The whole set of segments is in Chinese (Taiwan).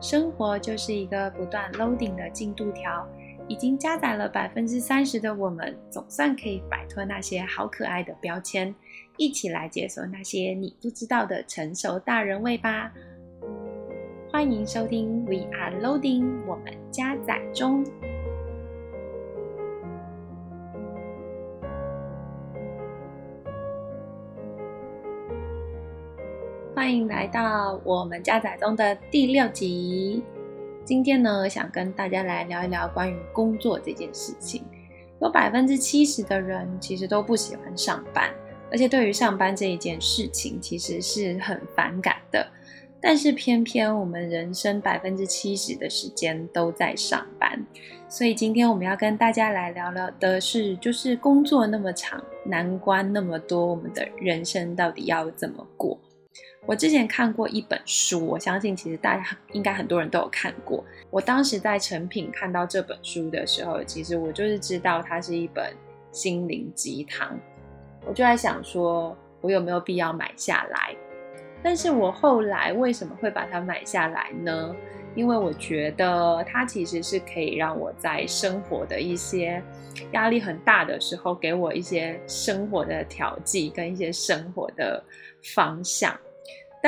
生活就是一個不斷 loading 的進度條，已經加載了百分之三十的我們，總算可以擺脫那些好可愛的標籤，一起來解鎖那些你不知道的成熟大人味吧！歡迎收聽 We are loading，我們加載中。歡迎來到我們加載中的第六集。今天呢，想跟大家來聊一聊關於工作這件事情有。有百分之七十的人其實都不喜歡上班，而且對於上班這一件事情，其實是很反感的。但是偏偏我們人生百分之七十的時間都在上班，所以今天我們要跟大家來聊聊的是，就是工作那麼長，難關那麼多，我們的人生到底要怎麼過？我之前看過一本書，我相信其實大家應該很多人都有看過。我當時在誠品看到這本書的時候，其實我就是知道它是一本心靈雞湯，我就在想說，我有沒有必要買下來？但是我後來為什麼會把它買下來呢？因為我覺得它其實是可以讓我在生活的一些壓力很大的時候，給我一些生活的調劑跟一些生活的方向。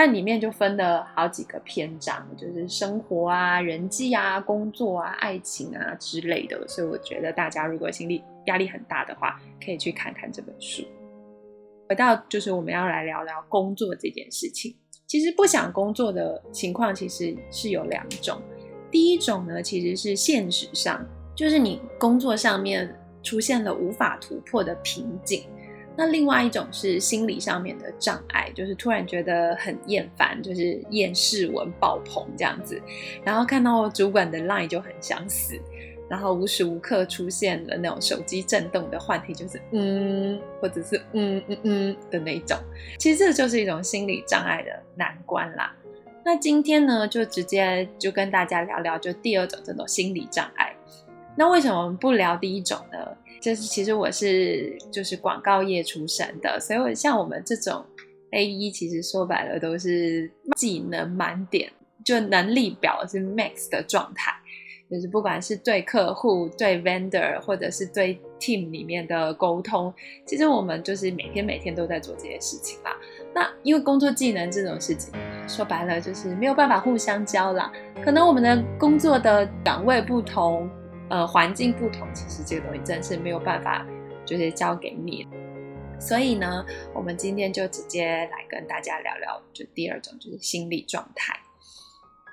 但裡面就分了好幾個篇章，就是生活啊、人際啊、工作啊、愛情啊之類的。所以我覺得大家如果心理壓力很大的話，可以去看看這本書。回到就是我們要來聊聊工作這件事情。其實不想工作的情況其實是有兩種，第一種呢，其實是現實上，就是你工作上面出現了無法突破的瓶頸。那另外一種是心理上面的障礙，就是突然覺得很厭煩，就是厭世文爆棚這樣子，然後看到主管的 LINE 就很想死，然後無時無刻出現了那種手機震動的幻聽，就是嗯，或者是嗯嗯嗯的那種。其實這就是一種心理障礙的難關啦。那今天呢，就直接就跟大家聊聊，就第二種這種心理障礙。那為什麼我們不聊第一種呢？就是其實我是就是廣告業出身的，所以我像我們這種 AE，其實說白了都是技能滿點，就能力表是 max 的狀態。就是不管是對客戶、對 vendor 或者是對 team 裡面的溝通，其實我們就是每天每天都在做這些事情啦。那因為工作技能這種事情，說白了就是沒有辦法互相交啦，可能我們的工作的崗位不同。呃，環境不同，其實這個東西真是沒有辦法，就是交給你。所以呢，我們今天就直接來跟大家聊聊，就第二種就是心理狀態。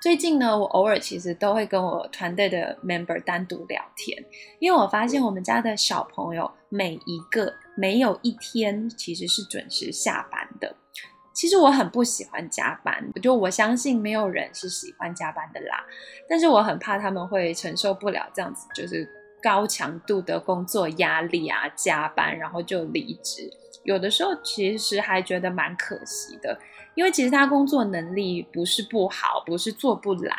最近呢，我偶爾其實都會跟我團隊的 member 單獨聊天，因為我發現我們家的小朋友每一個沒有一天其實是準時下班。其實我很不喜歡加班，就我相信沒有人是喜歡加班的啦。但是我很怕他們會承受不了這樣子，就是高強度的工作壓力啊，加班然後就離職。有的時候其實還覺得蠻可惜的，因為其實他工作能力不是不好，不是做不來。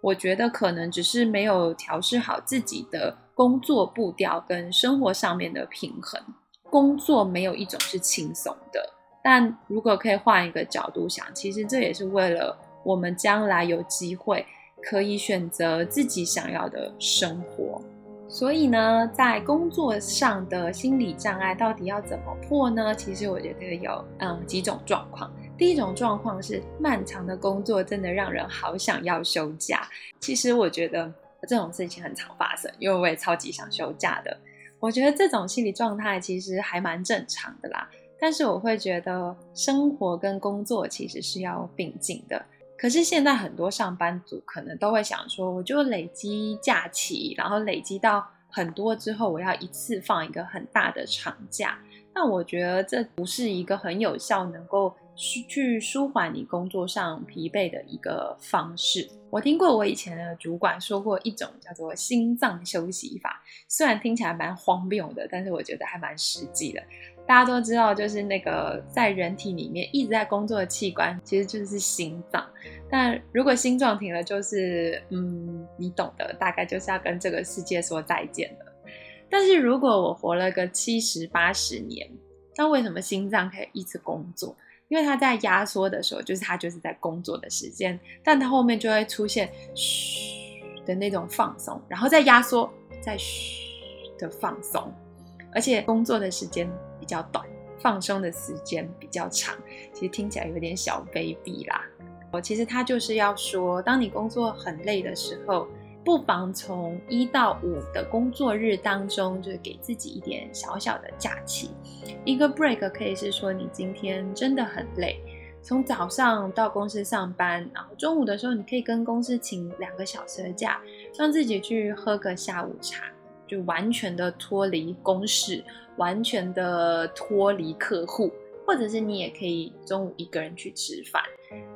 我覺得可能只是沒有調試好自己的工作步調跟生活上面的平衡。工作沒有一種是輕鬆的。但如果可以換一個角度想，其實這也是為了我們將來有機會可以選擇自己想要的生活。所以呢，在工作上的心理障礙到底要怎麼破呢？其實我覺得有，嗯，幾種狀況。第一種狀況是，漫長的工作真的讓人好想要休假。其實我覺得這種事情很常發生，因為我也超級想休假的。我覺得這種心理狀態其實還蠻正常的啦。但是我會覺得生活跟工作其實是要並進的。可是現在很多上班族可能都會想說，我就累積假期，然後累積到很多之後，我要一次放一個很大的長假。那我覺得這不是一個很有效能夠去舒緩你工作上疲憊的一個方式。我聽過我以前的主管說過一種叫做心臟休息法，雖然聽起來蠻荒謬的，但是我覺得還蠻實際的。大家都知道，就是那個在人體裡面一直在工作的器官，其實就是心臟。但如果心臟停了，就是嗯，你懂的，大概就是要跟這個世界說再見了。但是如果我活了個七十八十年，那為什麼心臟可以一直工作？因為它在壓縮的時候，就是它就是在工作的時間，但它後面就會出現噓的那種放鬆，然後再壓縮，再噓的放鬆。而且工作的時間比較短，放鬆的時間比較長，其實聽起來有點小卑鄙啦。我其實他就是要說，當你工作很累的時候，不妨從一到五的工作日當中，就是給自己一點小小的假期。一個 break 可以是說，你今天真的很累，從早上到公司上班，然後中午的時候，你可以跟公司請兩個小時的假，讓自己去喝個下午茶。就完全的脫離公事，完全的脫離客戶，或者是你也可以中午一個人去吃飯。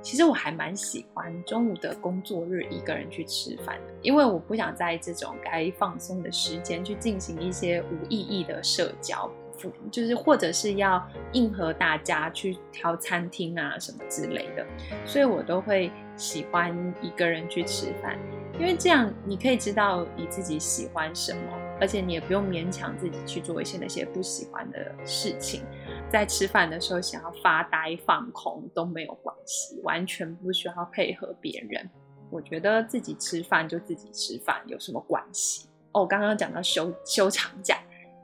其實我還蠻喜歡中午的工作日一個人去吃飯的，因為我不想在這種該放鬆的時間去進行一些無意義的社交，就是或者是要應和大家去挑餐廳啊什麼之類的，所以我都會喜歡一個人去吃飯，因為這樣你可以知道你自己喜歡什麼。而且你也不用勉強自己去做一些那些不喜歡的事情，在吃飯的時候想要發呆放空都沒有關係，完全不需要配合別人。我覺得自己吃飯就自己吃飯有什麼關係？哦，剛剛講到休休長假，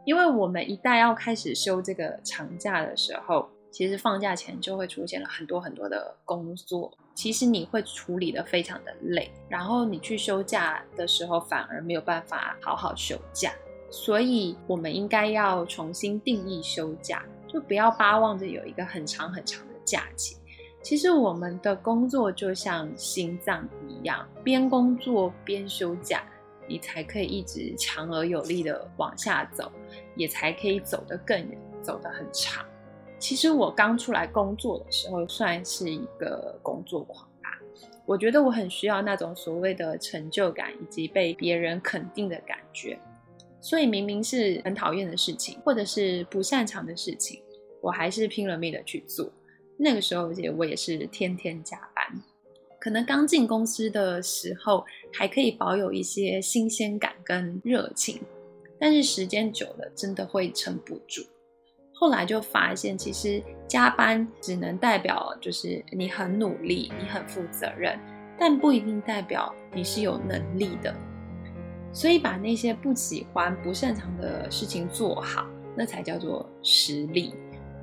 因為我們一旦要開始休這個長假的時候。其實放假前就會出現了很多很多的工作，其實你會處理得非常的累，然後你去休假的時候反而沒有辦法好好休假，所以我們應該要重新定義休假，就不要巴望着有一個很長很長的假期。其實我們的工作就像心臟一樣，邊工作邊休假，你才可以一直強而有力的往下走，也才可以走得更遠，走得很長。其實我剛出來工作的時候，算是一個工作狂吧。我覺得我很需要那種所謂的成就感，以及被別人肯定的感覺。所以明明是很討厭的事情，或者是不擅長的事情，我還是拼了命的去做。那個時候也我也是天天加班。可能剛進公司的時候還可以保有一些新鮮感跟熱情，但是時間久了，真的會撐不住。後來就發現，其實加班只能代表就是你很努力，你很負責任，但不一定代表你是有能力的。所以把那些不喜歡、不擅長的事情做好，那才叫做實力。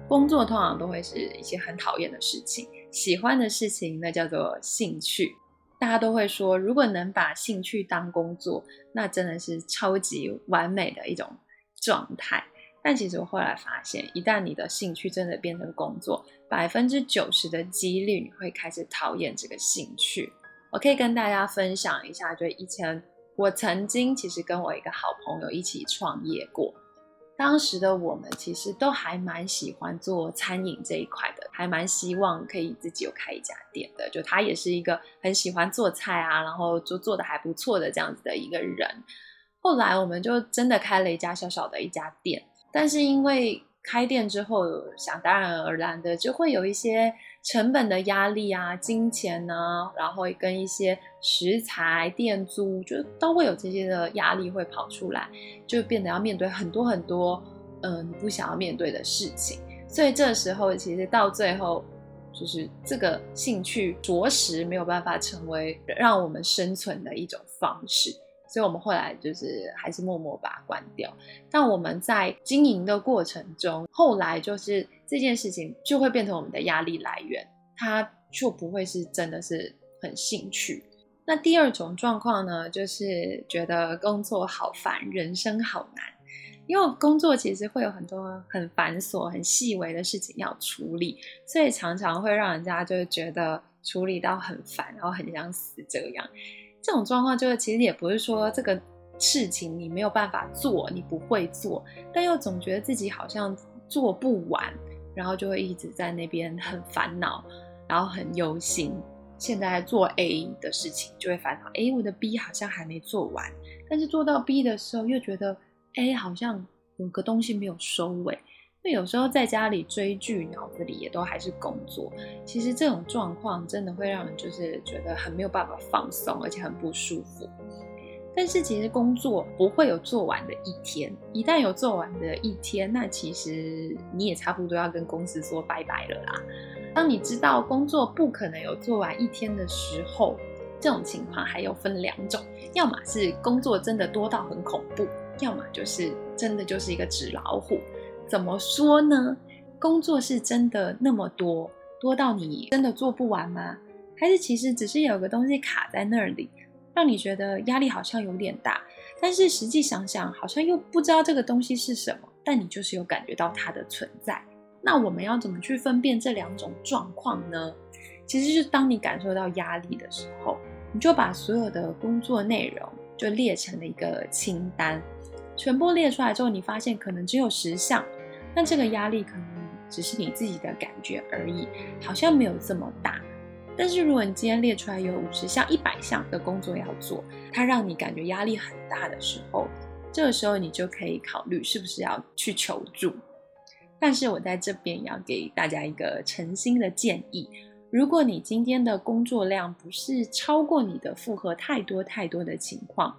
工作通常都會是一些很討厭的事情，喜歡的事情那叫做興趣。大家都會說，如果能把興趣當工作，那真的是超級完美的一種狀態。但其實我後來發現，一旦你的興趣真的變成工作，百分之九十的幾率你會開始討厭這個興趣。我可以跟大家分享一下，就以前我曾經其實跟我一個好朋友一起創業過，當時的我們其實都還蠻喜歡做餐飲這一塊的，還蠻希望可以自己有開一家店的。就他也是一個很喜歡做菜啊，然後就做做得還不錯的這樣子的一個人。後來我們就真的開了一家小小的一家店。但是因為開店之後，想當然而然的就會有一些成本的壓力啊，金錢呢、啊，然後跟一些食材、店租，就都會有這些的壓力會跑出來，就變得要面對很多很多，嗯、呃，不想要面對的事情。所以這時候其實到最後，就是這個興趣着實沒有辦法成為讓我們生存的一種方式。所以，我們後來就是還是默默把它關掉。但我們在經營的過程中，後來就是這件事情就會變成我們的壓力來源，他就不會是真的是很興趣。那第二種狀況呢，就是覺得工作好煩，人生好難，因為工作其實會有很多很繁瑣、很細微的事情要處理，所以常常會讓人家就是覺得處理到很煩，然後很想死這樣。這種狀況就是，其實也不是說這個事情你沒有辦法做，你不會做，但又總覺得自己好像做不完，然後就會一直在那邊很煩惱，然後很憂心。現在做 A 的事情就會煩惱，哎、欸，我的 B 好像還沒做完，但是做到 B 的時候又覺得 A、欸、好像有個東西沒有收尾、欸。那有時候在家裡追劇，腦子裡也都還是工作。其實這種狀況真的會讓人就是覺得很沒有辦法放鬆，而且很不舒服。但是其實工作不會有做完的一天，一旦有做完的一天，那其實你也差不多要跟公司說拜拜了啦。當你知道工作不可能有做完一天的時候，這種情況還有分兩種：要麼是工作真的多到很恐怖，要麼就是真的就是一個紙老虎。怎麼說呢？工作是真的那麼多，多到你真的做不完嗎？還是其實只是有個東西卡在那裡，讓你覺得壓力好像有點大，但是實際想想好像又不知道這個東西是什麼，但你就是有感覺到它的存在。那我們要怎麼去分辨這兩種狀況呢？其實就是當你感受到壓力的時候，你就把所有的工作內容就列成了一個清單，全部列出來之後，你發現可能只有十項。那這個壓力可能只是你自己的感覺而已，好像沒有這麼大。但是如果你今天列出來有五十項、一百項的工作要做，它讓你感覺壓力很大的時候，這個時候你就可以考慮是不是要去求助。但是我在這邊要給大家一個誠心的建議，如果你今天的工作量不是超過你的負荷太多太多的情況，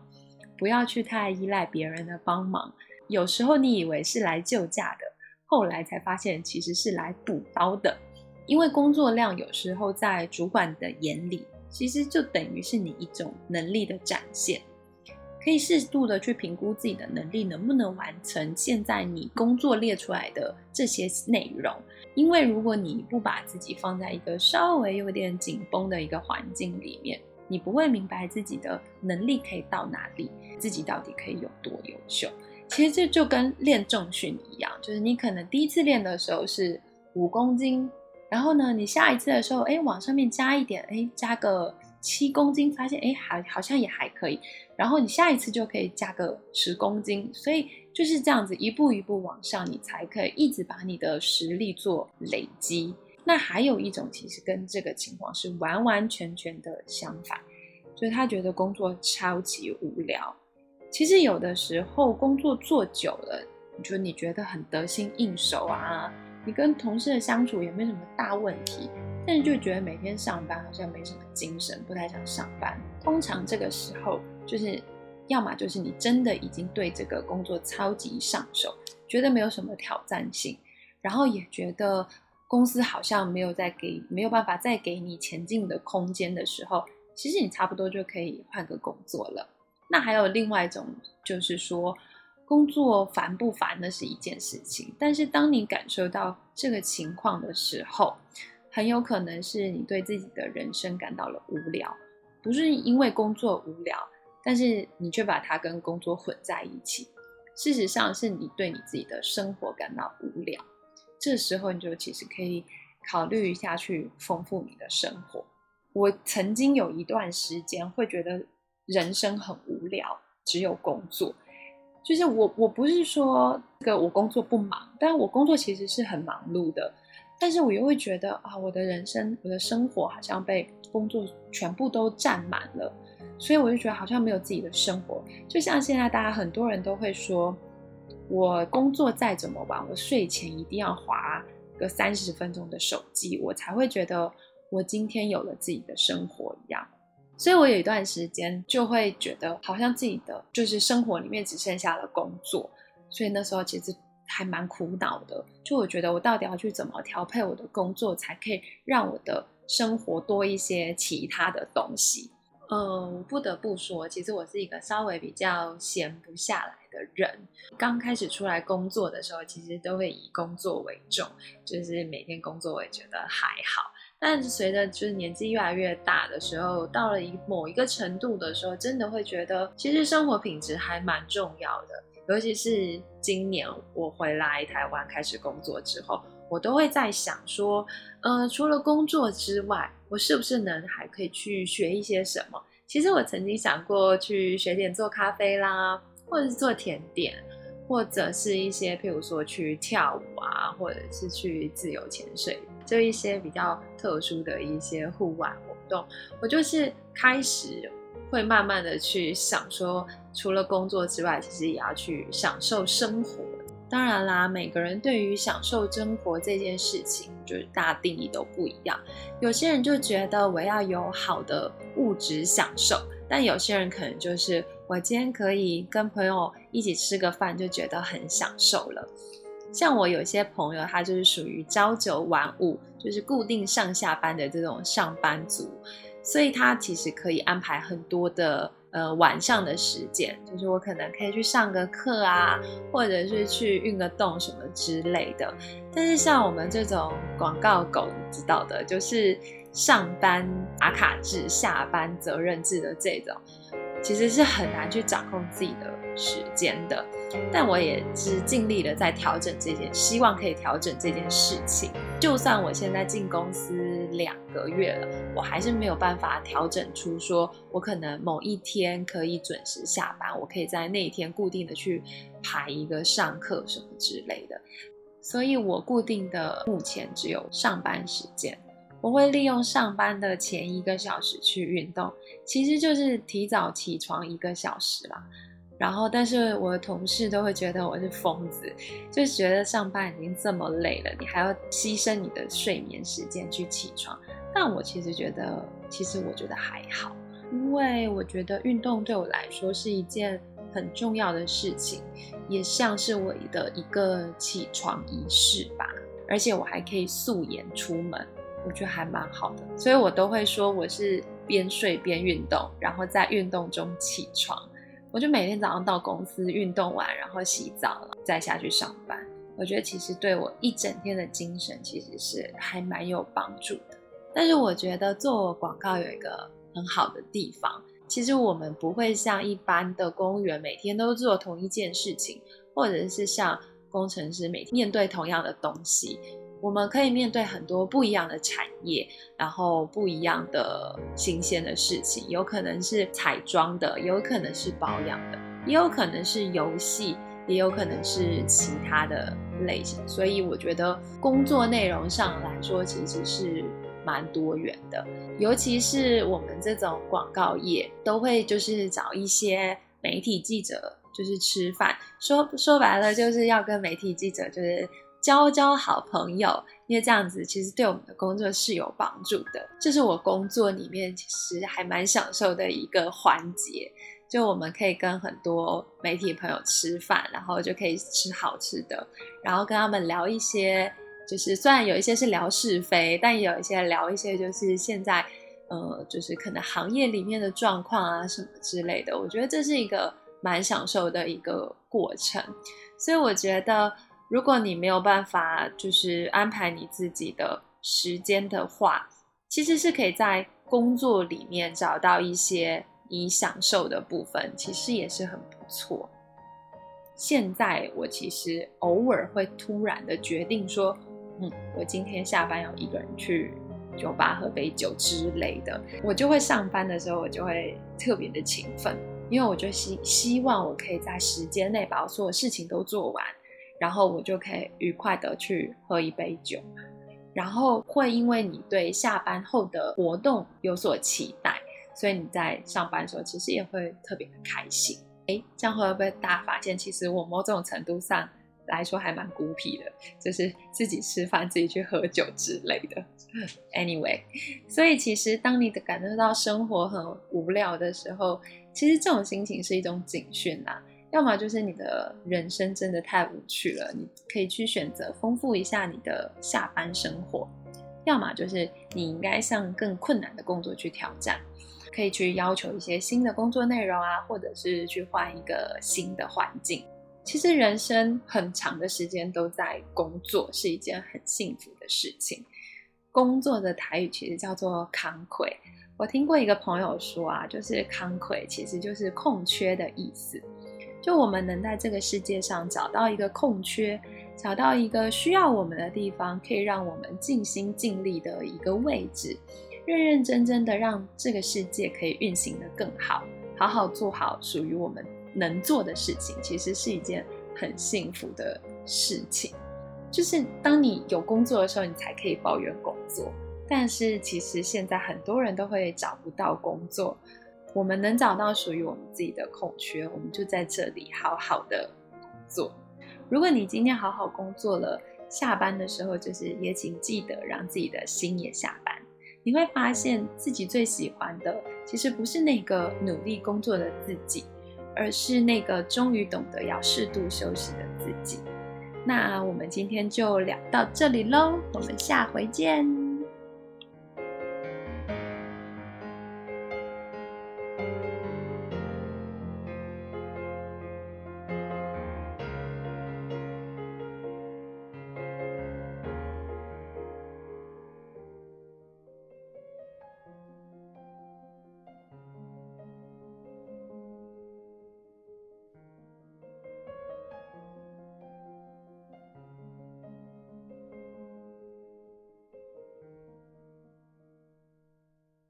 不要去太依賴別人的幫忙。有時候你以為是來救駕的。後來才發現，其實是來補刀的，因為工作量有時候在主管的眼裡，其實就等於是你一種能力的展現。可以適度的去評估自己的能力能不能完成現在你工作列出來的這些內容。因為如果你不把自己放在一個稍微有點緊繃的一個環境裡面，你不會明白自己的能力可以到哪裡，自己到底可以有多優秀。其實這就跟練重訓一樣，就是你可能第一次練的時候是五公斤，然後呢，你下一次的時候，哎，往上面加一點，哎，加個七公斤，發現哎，還好像也還可以，然後你下一次就可以加個十公斤，所以就是這樣子一步一步往上，你才可以一直把你的實力做累積。那還有一種，其實跟這個情況是完完全全的相反，所以他覺得工作超級無聊。其實有的時候工作做久了，你說你覺得很得心應手啊，你跟同事的相處也沒什麼大問題，但是就覺得每天上班好像沒什麼精神，不太想上班。通常這個時候就是，要麼就是你真的已經對這個工作超級上手，覺得沒有什麼挑戰性，然後也覺得公司好像沒有再給，沒有辦法再給你前進的空間的時候，其實你差不多就可以換個工作了。那還有另外一種，就是說工作煩不煩，那是一件事情。但是當你感受到這個情況的時候，很有可能是你對自己的人生感到了無聊，不是因為工作無聊，但是你卻把它跟工作混在一起。事實上，是你對你自己的生活感到無聊。這時候你就其實可以考慮一下，去豐富你的生活。我曾經有一段時間會覺得。人生很無聊，只有工作。就是我，我不是說這個我工作不忙，但我工作其實是很忙碌的，但是我又會覺得啊，我的人生，我的生活好像被工作全部都佔滿了，所以我就覺得好像沒有自己的生活。就像現在大家很多人都會說，我工作再怎麼忙，我睡前一定要滑個三十分鐘的手機，我才會覺得我今天有了自己的生活一樣。所以，我有一段時間就會覺得，好像自己的就是生活裡面只剩下了工作，所以那時候其實還蠻苦惱的。就我覺得，我到底要去怎麼調配我的工作，才可以讓我的生活多一些其他的東西。呃、嗯，我不得不說，其實我是一個稍微比較閒不下來的人。剛開始出來工作的時候，其實都會以工作為重，就是每天工作，我也覺得還好。但是隨着就是年紀越來越大的時候，到了一某一個程度的時候，真的會覺得其實生活品質還蠻重要的。尤其是今年我回來台灣開始工作之後，我都會在想說，呃，除了工作之外，我是不是能還可以去學一些什麼？其實我曾經想過去學點做咖啡啦，或者是做甜點，或者是一些，譬如說去跳舞啊，或者是去自由潛水。就一些比較特殊的一些戶外活動，我就是開始會慢慢的去想說，除了工作之外，其實也要去享受生活。當然啦，每個人對於享受生活這件事情，就是大家定義都不一樣。有些人就覺得我要有好的物質享受，但有些人可能就是我今天可以跟朋友一起吃個飯，就覺得很享受了。像我有些朋友，他就是屬於朝九晚五，就是固定上下班的這種上班族，所以他其實可以安排很多的呃晚上的時間，就是我可能可以去上個課啊，或者是去運個動什麼之類的。但是像我們這種廣告狗，你知道的，就是上班打卡制，下班責任制的這種。其實是很難去掌控自己的時間的，但我也是盡力的在調整這件，希望可以調整這件事情。就算我現在進公司兩個月了，我還是沒有辦法調整出說我可能某一天可以準時下班，我可以在那一天固定的去排一個上課什麼之類的。所以我固定的目前只有上班時間。我會利用上班的前一個小時去運動，其實就是提早起床一個小時啦。然後，但是我的同事都會覺得我是瘋子，就覺得上班已經這麼累了，你還要犧牲你的睡眠時間去起床。但我其實覺得，其實我覺得還好，因為我覺得運動對我來說是一件很重要的事情，也像是我的一個起床儀式吧。而且我還可以素顏出門。我覺得還蠻好的，所以我都會說我是邊睡邊運動，然後在運動中起床。我就每天早上到公司運動完，然後洗澡了再下去上班。我覺得其實對我一整天的精神其實是還蠻有幫助的。但是我覺得做廣告有一個很好的地方，其實我們不會像一般的公務員每天都做同一件事情，或者是像工程師每天面對同樣的東西。我們可以面對很多不一樣的產業，然後不一樣的新鮮的事情，有可能是彩妝的，有可能是保養的，也有可能是遊戲，也有可能是其他的類型。所以我覺得工作內容上來說，其實是蠻多元的。尤其是我們這種廣告業，都會就是找一些媒體記者，就是吃飯，說說白了就是要跟媒體記者就是。交交好朋友，因為這樣子其實對我們的工作是有幫助的。這是我工作裡面其實還蠻享受的一個環節，就我們可以跟很多媒體朋友吃飯，然後就可以吃好吃的，然後跟他們聊一些，就是雖然有一些是聊是非，但也有一些聊一些就是現在，呃，就是可能行業裡面的狀況啊，什麼之類的。我覺得這是一個蠻享受的一個過程，所以我覺得。如果你沒有辦法，就是安排你自己的時間的話，其實是可以在工作裡面找到一些你享受的部分，其實也是很不錯。現在我其實偶爾會突然的決定說，嗯，我今天下班要一個人去酒吧喝杯酒之類的，我就會上班的時候，我就會特別的勤奮，因為我就希希望我可以在時間內把我所有事情都做完。然後我就可以愉快的去喝一杯酒，然後會因為你對下班後的活動有所期待，所以你在上班的時候其實也會特別的開心。哎，這樣會不會大家發現，其實我某種程度上來說還蠻孤僻的，就是自己吃飯、自己去喝酒之類的。Anyway，所以其實當你的感受到生活很無聊的時候，其實這種心情是一種警訊吶、啊。要麼就是你的人生真的太無趣了，你可以去選擇豐富一下你的下班生活；要麼就是你應該向更困難的工作去挑戰，可以去要求一些新的工作內容啊，或者是去換一個新的環境。其實，人生很長的時間都在工作，是一件很幸福的事情。工作的台語其實叫做“康魁”，我聽過一個朋友說啊，就是“康魁”其實就是空缺的意思。就我們能在這個世界上找到一個空缺，找到一個需要我們的地方，可以讓我們盡心盡力的一個位置，認認真真的讓這個世界可以運行得更好，好好做好屬於我們能做的事情，其實是一件很幸福的事情。就是當你有工作的時候，你才可以抱怨工作。但是其實現在很多人都會找不到工作。我們能找到屬於我們自己的空缺，我們就在這裡好好的工作。如果你今天好好工作了，下班的時候就是也請記得讓自己的心也下班。你會發現自己最喜歡的其實不是那個努力工作的自己，而是那個終於懂得要適度休息的自己。那我們今天就聊到這裡嘍，我們下回見。